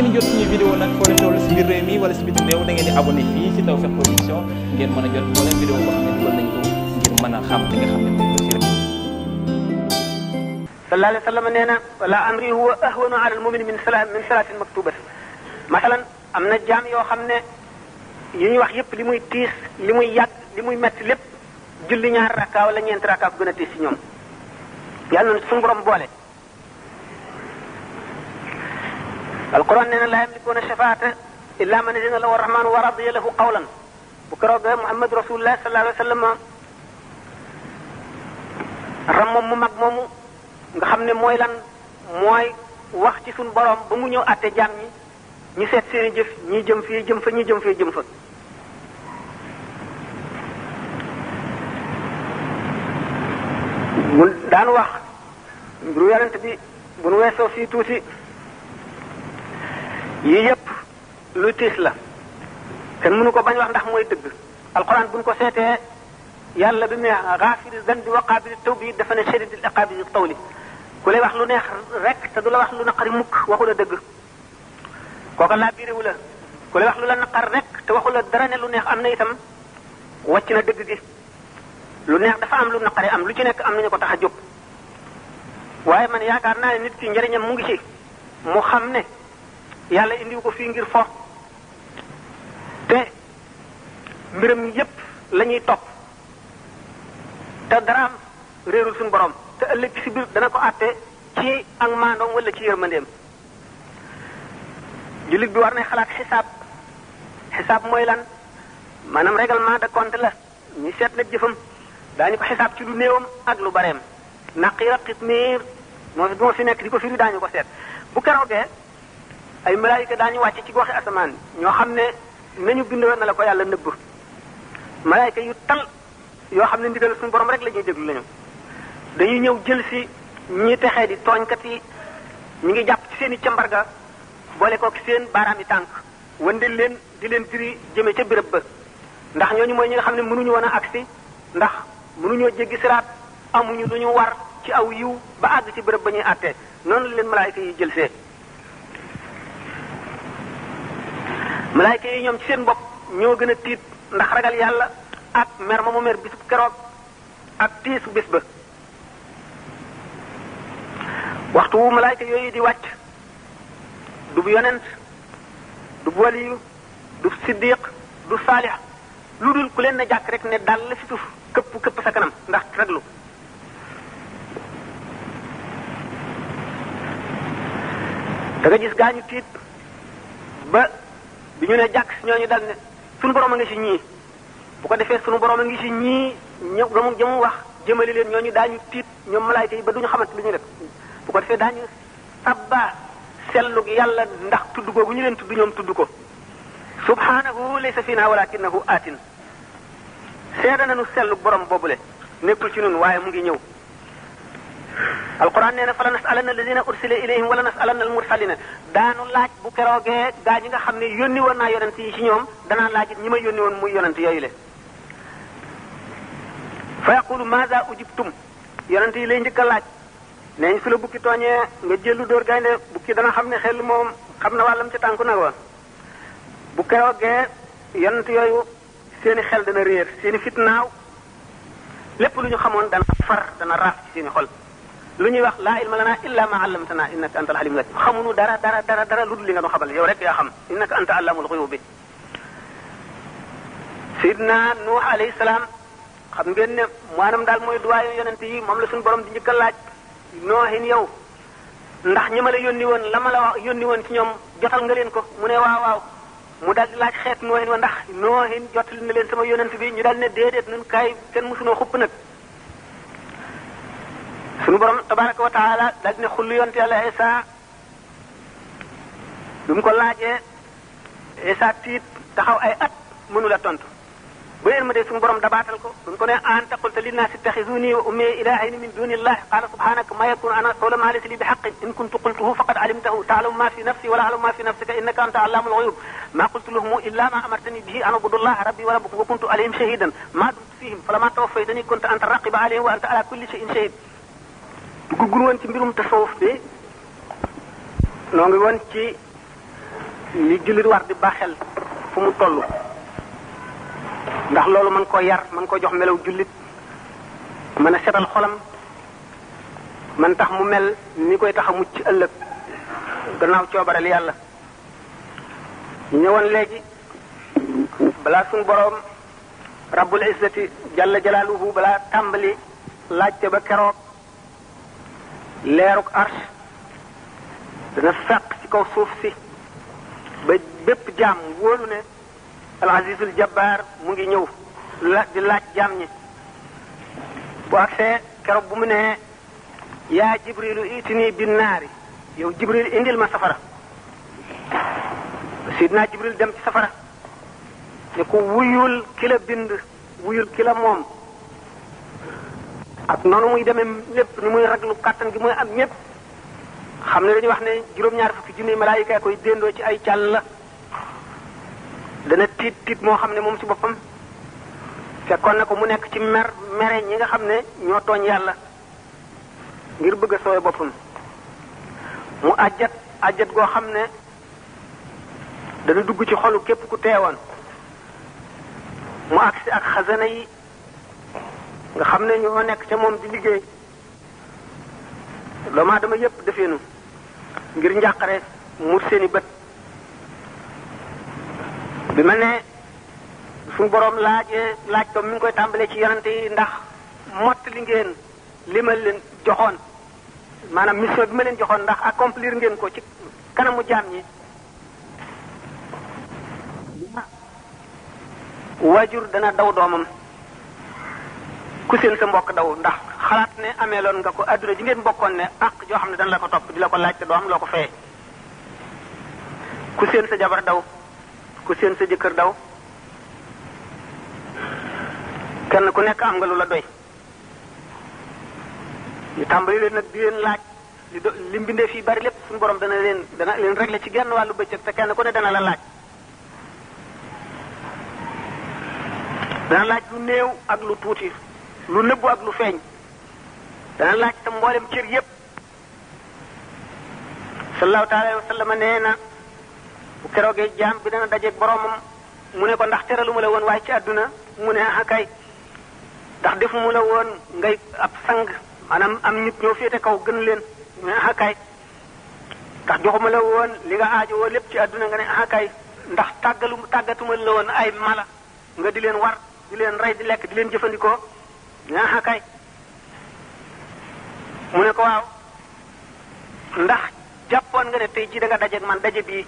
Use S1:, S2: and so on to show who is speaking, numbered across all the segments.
S1: ngeen jot suñu vidéo nag foo leen toll si biir réew mi wala si biti réew da ngeen a jot moo ne dugal a xam li nga xam ne moom amri huwa ahwanu ala al-mu'min min am na jaam yoo xam ne yu ñuy wax yépp li muy tiis li muy yàgg li muy metti lépp julli ñaar rakka wala ñeenti rakka ko gën ñoom yàlla na suñu boole. alquran nee na laa yamlikuuna shafaata illa man izina lahu arrahmanu wa radiya lahu qawlan bu keroogee muhammad rasulullah sallallahu alayhi wa sallam mu mag moomu nga xam ne mooy lan mooy wax ci suñu borom ba mu ñëw àtte jaam ñi ñu seet seeni jëf ñi jëm fii jëm fa ñi jëm fii jëm daan wax mbiru yonent bi bu weesoo fii tuuti yii yëpp lu tiis la kenn mënu ko bañ wax ndax mooy dëgg bu buñ ko seetee yàlla bi mu ne xaafiri zanbi wa qaabili tawbi dafa ne shadidil iqaabi di tawli ku lay wax lu neex rek te du la wax lu naqari mukk waxu la dëgg kooka laa biirewu la ku lay wax lu la naqar rek te waxu dara ne lu neex am na itam wàcc na dëgg gi lu neex dafa am lu naqari am lu ci nekk am nañu ko tax a jóg waaye man yaakaar naa ne nit ki njëriñam mu ngi ci mu xam ne yàlla indiw ko fi ngir fo te mbiram yépp lañuy ñuy topp te daraam réerul suñu borom te ëllëg ci biir dana ko àtte ci ak maandoom wala ci yërmandeem jullit bi war na xalaat xisaab xisaab mooy lan maanaam règlement de compte la ñu seet nag jëfam daañu ko xisaab ci lu néewam ak lu bareem naqira qitmiir moo fi moo fi nekk di ko firi daañu ko seet bu keroogee ay malaayika daañu wàcc ci goxi asamaan ñoo xam ne nañu bindoo na la ko yàlla nëbb malaayika yu tal yoo xam ne ndigal suñu borom rek la ñuy déglu lañu dañuy ñëw jël si ñi texee di tooñkat yi ñu ngi jàpp ci seen i càmbarga boole kook seen baaraam yi tànk wëndeel leen di leen diri jëmee ca béréb ba ndax ñooñu mooy ñu nga xam ne mënuñu woon a agsi ndax mënuñoo jéggi siraat amuñu lu ñu war ci aw yiw ba àgg ci bërëb ba ñuy àttee noonu leen malaayika yi jëlsee malaayka yi ñoom ci seen bopp ñoo gën a tiit ndax ragal yàlla ak mer ma mu mer bisub keroog ak tiisu bis ba waxtu malaayka yooyu di wàcc du bu yonent du bu waliyu du siddiq du saalix lu dul ku leen na jàkk rek ne dal la si suuf këpp këpp sa kanam ndax raglu da nga gis gaañu tiit ba bi ñu ne jàkk si ñooñu dal ne suñu borom a ngi si ñii bu ko defee suñu borom a ngi si ñii ñë mu jëm wax jëmale leen ñooñu daañu tiit ñoom malaayka yi ba duñu xamante lu ñu def bu ko defee daañu sabba sellug yàlla ndax tudd googu ñu leen tudd ñoom tudd ko subhanahu laysa fina walakinahu atin seeda nañu sellug borom le nekkul ci nun waaye mu ngi ñëw alquran nee na fa la nasalanna alladina ursila ilayhim wala nasalanna almursalina daanu laaj bu keroogee gaa yi nga xam ne yónni woon naa yonent yi ci ñoom danaan laaj it ñi ma yónni woon muy yonent yooyu le fa yaqulu maza ujibtum yonent yi lay njëkk a laaj nee ñu la bukki tooñee nga jëllu dóor gaynde bukki dana xam ne xel moom xam na wàllam ci tànku nag wa bu keroogee yonent yooyu seeni xel dana réer seeni fitnaaw lépp lu ñu xamoon dana far seeni xol lu ñuy wax laa ilma lana illa ma allamtana innaka anta alalimul hakim xamuñu dara dara dara dara lu dul li nga nu xabal yow rek yaa xam innaka anta allamul xuyubi sidna nuux alayhi xam ngeen ne maanaam daal mooy duwaayu yonent yi moom la suñu borom di njëkk a laaj nooxin yow ndax ñi ma la yónni woon la la wax woon ci ñoom jotal nga leen ko mu ne waaw waaw mu daal laaj xeet nooxin wa ndax nooxin jotal na leen sama yonent bi ñu daal ne déedéet nun kaay nag sunu borom tabaraka wa taala daal ne xulli yonte yàlla Isa lu mu ko laajee Isa tiit taxaw ay at mënula tontu ba yéen ma de sunu borom dabaatal ko bu ñu ko nee anta qulta linnaasi ittaxizuuni wa ummiya ilaahayni min duuni llahi qaala subhaanaka ma yakunu ana qawla maa laysa li bi haqqin in kuntu qultuhu faqad alimtahu taalamu maa fi nafsi wala alamu maa fi nafsika innaka anta allaamul ghuyuub maa qultu lahum illaa maa amartani bihi an ubudu llaha rabbi wa rabbakum wa kuntu alayhim shahiidan maa dumtu fiihim falammaa tawaffaytanii kunta anta raqiba alayhim wa anta ala kulli shay'in shahiid duggagul woon ci mbirum tasawuf bi noo ngi woon ci li jullit war di baaxel fu mu toll ndax loolu mën koo yar mën ko jox melaw jullit mën a setal xolam man tax mu mel ni koy taxa a mucc ëllëg gannaaw coobareel yàlla ñëwoon léegi balaa suñ boroom rabbul izzati jalla jalaaluhu balaa tàmbali laajte ba keroog leeruk ars dana fekk ci kaw suuf si ba bépp jaam wóolu ne al azizul jabbaar mu ngi ñëw la di laaj jaam ñi bu agsee keroog bu mu nee yaa jibrilu itini bi naari yow jibril indil ma safara sidna jibril dem ci safara ne ko wuyul ki bind wuyul ki moom ak noonu muy deme lépp ni muy raglu kàttan gi muy am ñépp xam ne dañuy wax ne juróom-ñaar fukki junni malaayika koy déndoo ci ay càll la dana tiit tiit moo xam ne moom ci boppam fekkoon na ko mu nekk ci mer mere ñi nga xam ne ñoo tooñ yàlla ngir bëgg a sooy boppam mu ajjat ajjat goo xam ne dana dugg ci xolu képp ku teewoon mu agsi ak xasana yi nga xam ne ñoo nekk ca moom di liggéey doomu aadama yépp defeenu ngir njàqare mu seeni bët bi ma ne suñu boroom laajee laaj ko mi ngi koy tàmbalee ci yonante yi ndax mott li ngeen li ma leen joxoon maanaam mission bi ma leen joxoon ndax accomplir ngeen ko ci kanamu jaam ñi waajur dana daw doomam ku seen sa mbokk daw ndax xalaat ne ameeloon nga ko adduna ji ngeen bokkoon ne ak joo xam ne dana la ko topp di la ko laaj te doo loo ko fee ku seen sa jabar daw ku seen sa jëkkër daw kenn ku nekk am nga lu la doy ñu tàmbali leen nag di leen laaj li do li mbindee fii bari lépp suñu borom dana leen dana leen régler ci genn wàllu bëccëg te kenn ku ne dana la laaj dana laaj lu néew ak lu tuuti lu nëbbu ak lu feeñ dana laaj tam mboolem cër yépp sallallahu taala alayhi wa sallam nee na bu keroogee jaam bi dana dajeeg boromam mu ne ko ndax teralu ma la woon waaye ci àdduna mu ne ah ndax def mu la woon kaw gën leen mu ne ah kay ndax joxuma la li nga aajo woo lépp ci àdduna nga ne ah ndax tàggalu tàggatuma la woon ay mala nga di leen war di leen rey di lekk di leen jëfandikoo naa kay mu ne ko waaw ndax jàppoon nga ne tey jii da nga man daje bii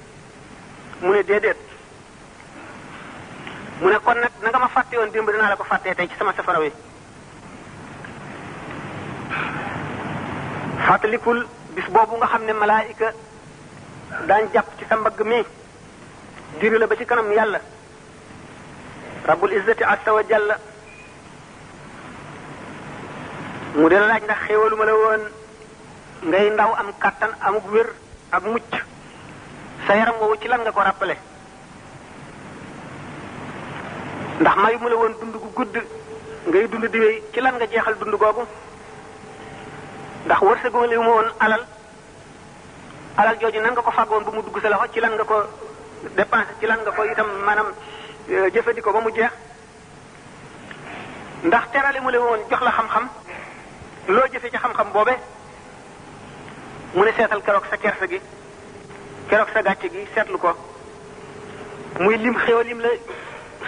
S1: mu ne déedéet mu ne kon nag na ma fàtte woon démb dinaa la ko fàttee tey ci sama safara wi fàttalikul bis boobu nga xam ne malaayika daan jàpp ci sa mbagg mi diri la ba ci kanam yàlla rabbul izzati azza wa jalla mu dee dina laaj ndax xéewalu ma la woon ngay ndaw am kàttan amug wér ak mucc sa yaram woowu ci lan nga ko rappelé ndax mayu mu la woon dund gu gudd ngay dund di wéy ci lan nga jeexal dund googu ndax wërsëgu ma la ma woon alal alal jooju nan nga ko fàggoon ba mu dugg sa loxo ci lan nga ko dépensé ci lan nga ko itam maanaam euh, jëfandikoo ba mu jeex ndax terale mu la woon jox la xam-xam loo jëfe ci xam-xam boobe mu ne seetal keroog sa kersa gi keroog sa gàcce gi seetlu ko muy lim xewal lim la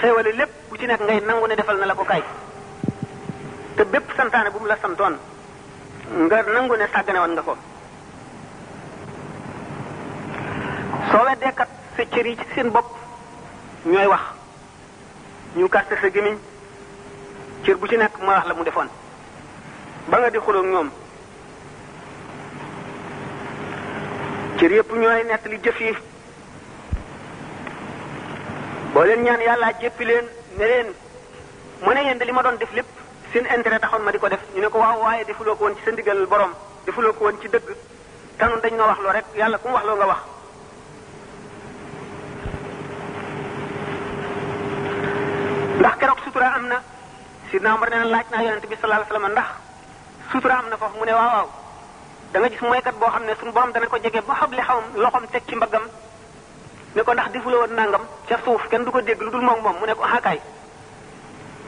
S1: xéwale lépp bu ci nekk ngay nangu ne defal na la ko kay te bépp santaane bu mu la santoon nga nangu ne sàggane woon nga ko soo weddee kat sa cër yi ci seen bopp ñooy wax ñu kàrte sa gémmiñ cër bu ci nekk mooy wax la mu defoon ba nga di xuloog ñoom cër yépp ñooy nett li jëf yi boo leen ñaan yàllaa jéppi leen ne leen mu ne yéen de li ma doon def lépp seen intérêt taxoon ma di ko def ñu ne ko waaw waaye defuloo ko woon ci sa ndigal borom defuloo ko woon ci dëgg tanoon dañ nga wax loo rek yàlla ku mu wax loo nga wax ndax keroog sutura am na sidna Umar nee na laaj naa yonente bi sallallahu alayhi ndax suturaam na ko mu ne waaw waaw da nga gis moykat boo xam ne suñu borom dana ko jege ba xable xawam loxoom teg ci mbaggam ne ko ndax defula woon nangam ca suuf kenn du ko dégg lu dul moom moom mu ne ko axakaay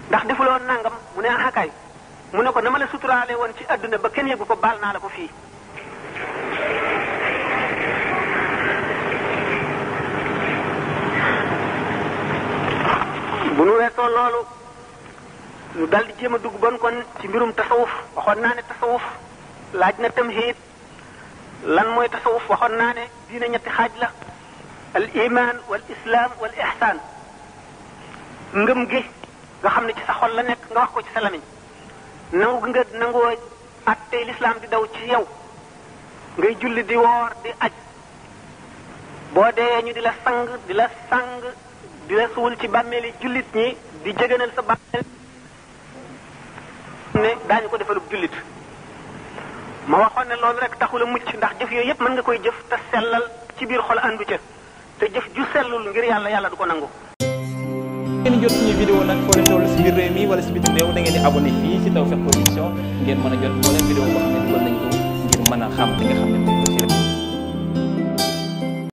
S1: ndax defula woon nangam mu ne axakaay mu ne ko na ma la suturaale woon ci àdduna ba kenn yëgu ko baal naa la ko fii bu nu weesoo loolu ñu dal di jéem a dugg bon kon ci mbirum tasawuf waxoon naa ne tasawuf laaj na tamhiid lan mooy tasawuf waxoon naa ne diine ñetti xaaj la al iman wal islam wal ihsan ngëm gi nga xam ne ci sa xol la nekk nga wax ko ci sa lamiñ nangu gi nga nangoo attey lislaam di daw ci yow ngay julli di woor di aj boo dee ñu di la sang di la sang di la suul ci bàmmeeli jullit ñi di jeganal sa bàmmeel daañu ko defalub jullit ma waxoon ne loolu rek taxula mucc ndax jëf yooyu yëpp mën nga koy jëf te sellal ci biir xol àndu ca te jëf ju sellul ngir yàlla yàlla du ko nangu. ngeen jot suñu vidéo nag foo leen toll si réew mi wala si bit réew da ngeen di abonné fii si Tawfekh Production ngeen mën a jot moo leen vidéo ko ngir mën a xam li nga xam